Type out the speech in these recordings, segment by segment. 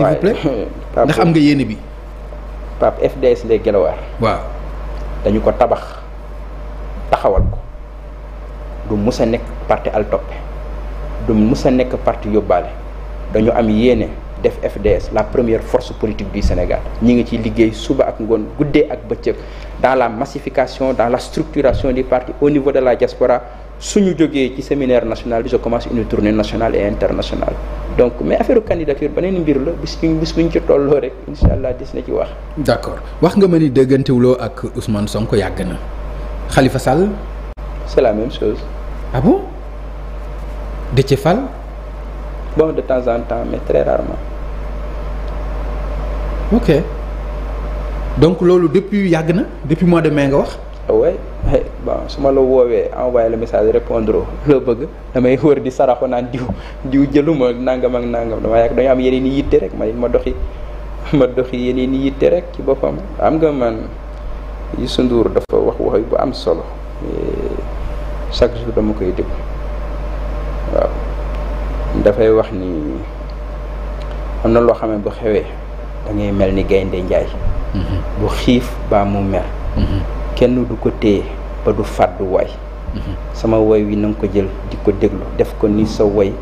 s'il ndax am nga yéene bi Pape FDS les Guelwaar dañu ko tabax taxawal ko du mus a nekk parti al toppe du mus a nekk parti yóbbaale dañu am yéene def FDS la première force politique du Sénégal ñi ngi ciy liggéey suba ak ngoon guddee ak bëccëg dans la massification dans la structuration du parti au niveau de la diaspora suñu jógee ci séminaire nationale bi je commence une tournée nationale et internationale donc mais affaire candidature beneen mbir la bis buñ bis buñ ci tolloo rek incha allah dis na ci wax. d' accord wax nga ma ni déggantewuloo ak Ousmane Sonko yàgg na xalifa Sall. c' est la même chose. ah bon Déthié Fall. de temps en temps mais très rarement. ok donc loolu depuis yàgg na depuis mois de mai nga wax. Ah mais bon su ma la woowee envoyé le message répondre loo bëgg damay wër di saraxu naan diw diw jëluma nangam ak nangam damaa yàgg dañoo am yeneen i yitte rek man ma doxi ma doxi yeneen i yitte rek ci boppam am nga man Youssou Ndour dafa wax wax bu am solo chaque jour dama koy dégg waaw dafay wax ni am na loo xam ne bu xewee dangay mel ni gaynde njaay mm-hmm. bu xiif baa mu mer mm-hmm. kenn du ko téye ba du fàddu waay mhm. sama woy wi nanga ko jël di ko déglu def ko ni sa woy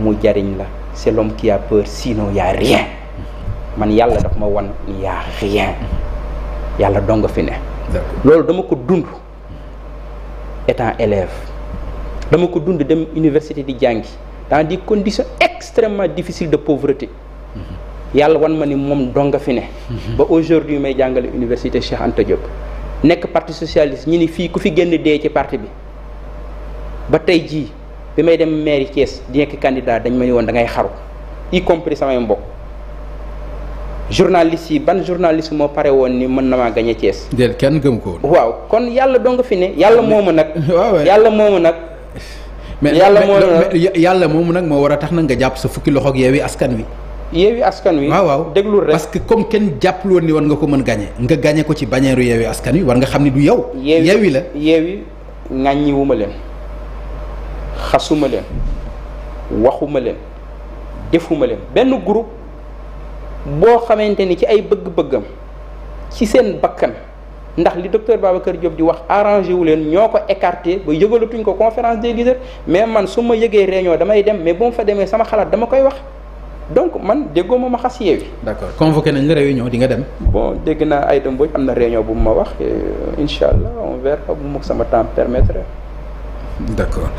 mu jariñ la c'est l'homme qui a peur sinon y a rien mhm. man yàlla daf ma wan y a rien mhm. yàlla dong fi ne loolu dama ko dund étant élève dama ko dund dem université di jàngi dans des conditions extrêmement difficile de pauvreté yàlla wan ma ni moom donga fi ne ba aujourd'hui may jàngale université Cheikh Anta Diop nekk parti socialiste ñi ni fii ku fi génn dee ci parti bi ba tey jii bi may dem mairie Thiès di nekk candidat dañ ma ne woon da ngay xaru y compris samay mbokk journaliste yi ban journaliste moo pare woon ni mën na maa gañe Thiès. déedéet kenn gëm ko woon. waaw kon yàlla dong fi ne. yàlla moomu nag. yàlla moomu nag. yàlla moomu nag mais yàlla moomu nag moo war a tax na nga jàpp sa fukki loxoog yeewi askan wi. yeewi askan wi. waaw waaw déglu rek parce que comme kenn jàppul woon ni war nga ko mën gagné. nga gagné ko ci bannière yeewi askan wi war nga xam ni du yow. yeewi la yeewi ŋàññiwuma leen xasuma leen waxuma leen defuma leen benn group boo xamante ni ci ay bëgg-bëggam ci seen bakkan ndax li docteur kër Diop di wax arrangé wu leen ñoo ko écarté ba yëgalatuñ ko conférence des leaders mais man su ma yëgee réunion damay dem mais bu ma fa demee sama xalaat dama koy wax. donc man déggoo ma ma xas yeewi. d'accord convoqué nañ la réunion di nga dem. bon dégg na ay dëmbooj am na réunion bu mu ma wax euh, incha allah on verra bu mu sama temps permettre. d'accord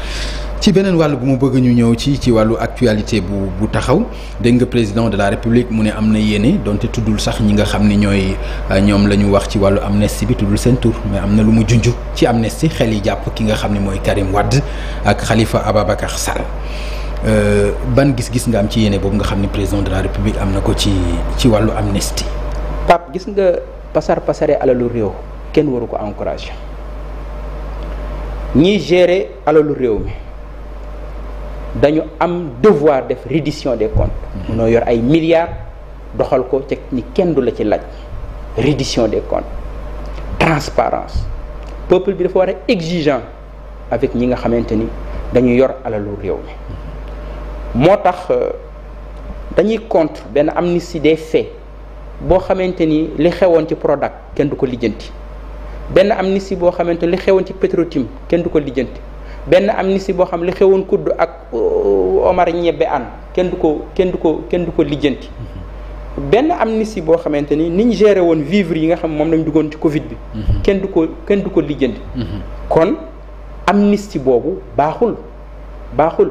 ci beneen wàll bu bëgg ñu ñëw ci ci wàllu actualité bu bu taxaw dégg nga président de la république mu ne am na yéene donte tuddul sax ñi nga xam ni ñooy euh, ñoom la ñu wax ci wàllu amnistie bi tuddul seen tur mais am na lu mu junj ci amnistie xel yi jàpp ki nga xam ne mooy Karim wadd ak xalifa Ababacar Sall. Euh, ban gis-gis nga am ci yéene boobu nga xam ni président de la république am na ko ci ci wàllu amnistie. Pape gis nga pasar pasare alalu réew kenn waru ko encouragé ñi gérer alalu réew mi dañu am devoir def reddition des comptes. Mm-hmm. noo yor ay milliards doxal ko ci ni kenn du la ci laaj reddition des comptes transparence peuple bi dafa war a exigeant avec ñi nga xamante ni dañu yor alalu réew mi. moo tax euh, dañuy contre benn amnistie de faits boo xamante ni li xewoon ci Prodac kenn du ko lijjanti benn amnistie boo xamante li xewoon ci petro kenn du ko lijjanti benn amnistie boo xam li xewoon kudd ak euh, Omar ñebbe an kenn du ko kenn du ko kenn du ko lijjanti benn amnistie boo xamante ni niñ géré woon vivre yi nga xam moom lañ duggoon ci Covid bi mhm. kenn du ko kenn du ko lijjanti mhm. kon amnistie boobu baaxul baaxul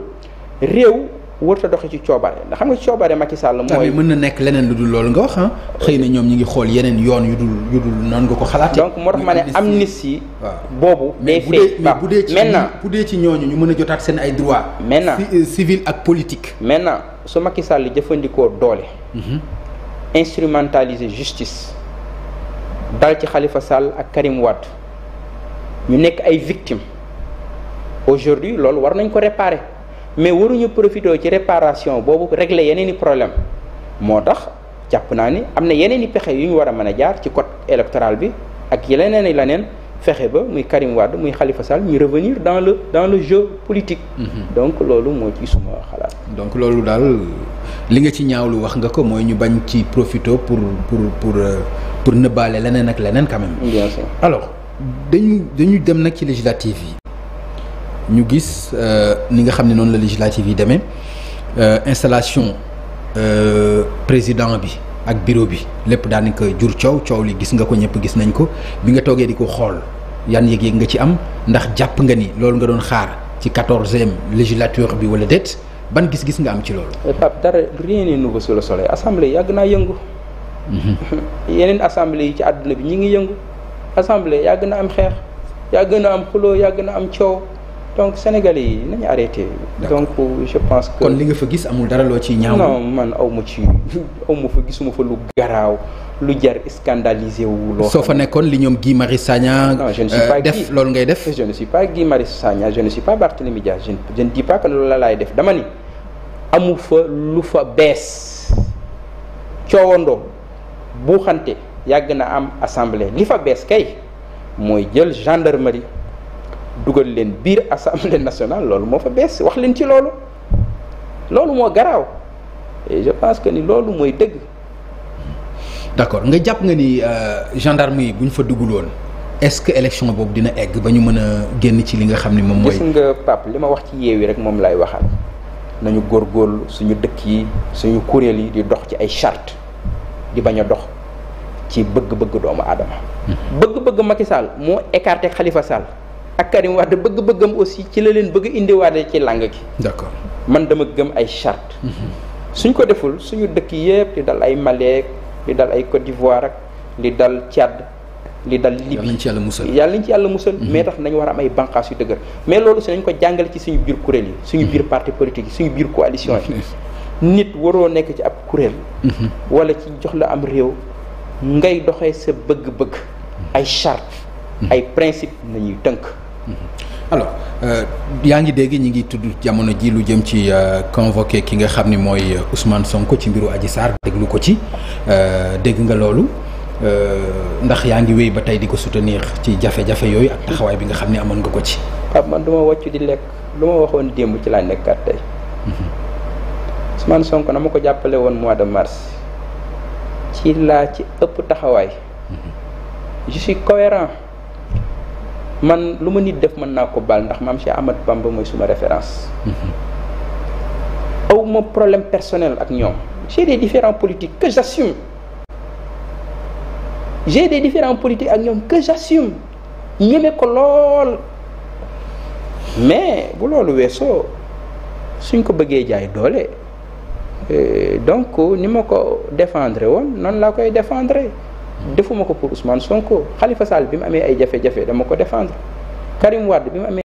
réew wërta doxi ci coobare ndax xam nga ci coobare Macky Sall ah, mooy mën na nekk leneen lu dul loolu nga wax ah? xëy na ñoom ñi ngi xool yeneen yoon yu dul yu noonu nga ko xalaatee donc moo tax ma ne amnistie boobu day fee mais bu dee ci maintenant bu ci ñooñu ñu mën a jotaat seen ay droit maintenant euh, civil ak politique maintenant su Macky Sall jëfandikoo doole mhm. instrumentaliser justice dal ci xalifa Sall ak Karim Wade ñu nekk ay victimes aujourd'hui loolu war nañ ko réparer mais waruñu profité ci réparation boobu régler yeneen i problème moo tax jàpp naa ni am na yeneen i pexe yu ñu war a mën a jaar ci code électoral bi ak yeneen i leneen fexe ba muy Karim Wade muy xalifa Sall ñu revenir dans le dans le jeu politique. Mhm. donc loolu moo ci suma xalaat. donc loolu daal li nga ci ñaawlu wax nga ko mooy ñu bañ ci profité pour pour pour euh, pour nëbbaale leneen ak leneen quand même. bien sûr alors dañu dañu dem nag ci législative yi. ñu gis euh, ni nga xam ne noonu la législative yi demee euh, installation euh, président bi ak bureau bi lépp daanaka jur coow coow li gis nga ko ñëpp gis nañ ko bi nga toogee di ko xool yan yëg-yëg nga ci am ndax jàpp nga ni loolu nga doon xaar ci quatorzième législature bi wala déet ban gis-gis nga am ci loolu. Pape dara rien n'est nouveau sous le soleil assemblée yàgg naa yëngu. Mhm. yeneen assemblée yi ci àdduna bi ñu ngi yëngu assemblée yàgg na am xeex yàgg na am xuloo yàgg na am coow. donc sénégalais yi nañu arrêté. donc je pense que. kon li nga fa gis amul dara loo ci ñaaw. non man aw ma ci aw ma fa gisuma fa lu garaaw lu jar scandalisé wu. loo soo fa nekkoon li ñoom Guy Marius Sagna. non je ne euh, def loolu ngay def. je ne suis pas Guy Marius Sagna je ne suis pas Barthélémy Dias je ne je ne dis pas que dama ni amu fa lu fa bees coowandoo bu yàgg na am assemblée li fa bees kay mooy jël gendarmerie. dugal leen biir assemblée nationale loolu moo fa bees wax leen ci loolu loolu moo garaaw je pense que ni loolu mooy dëgg. d'accord nga jàpp nga ni euh, gendarme yi bu ñu fa duguloon est-ce que élection boobu dina egg ba ñu mën a génn ci li nga xam ni moom mooy. gis nga Pape li ma wax ci yeew yi rek moom lay waxal nañu góorgóorlu suñu dëkk yi suñu kuréel yi di dox ci ay charte di bañ a dox ci bëgg-bëgg doomu aadama. Mm-hmm. bëgg-bëgg Macky Sall moo écarté Khalifa Sall. ak Karim Wade bëgg-bëggam aussi ci la leen bëgg indiwaade ci làng gi. d'accord man dama gëm ay charte mhm. suñ ko deful suñu dëkk yëpp di dal ay Mali li dal ay Côte d'Ivoire ak li dal Tchad li dal Libye yàlla nañ ci yàlla musal yàlla nañ ci yàlla musal mais mhm. tax nañu war a am ay banqaas yu dëgër mais loolu si nañ ko jàngale ci suñu biir kuréel yi suñu mhm. biir parti politique yi suñu biir coalition yi nit waroo nekk ci ab kuréel wala ci jox la am réew ngay doxee sa bëgg-bëgg ay charte ay principe nañuy tënk alors euh, yaa ngi dégg ñi ngi tudd jamono ji lu jëm ci euh, convoqué ki nga xam ni mooy euh, Ousmane Sonko ci mbiru Adji Sarr déglu ko ci dégg nga loolu ndax yaa ngi wéy ba tey di ko soutenir ci jafe-jafe yooyu ak taxawaay bi nga xam ne amoon nga ko ci. Pape man du ma di lekk lu ma waxoon démb ci laa nekkaat tey. Mhm. Ousmane Sonko na ma ko jàppale woon mois de mars ci laa ci ëpp taxawaay. Mhm. je suis man lu ma nit def mën naa ko baal ndax maam Cheikh Ahmad Bamba mooy suma référence mhm. aw ma problème personnel ak ñoom j'ai des différends politiques que j'assume j'ai des différents politiques ak ñoom que j'assume ñeme ko lool mais bu loolu weesoo suñ ko bëggee jaay doole eh, donc ni ma ko défendre woon noonu laa koy défendre defuma ko pour Ousmane Sonko xalifa Sall bi mu amee ay jafe-jafe dama ko défendre Karim Wade bi mu amee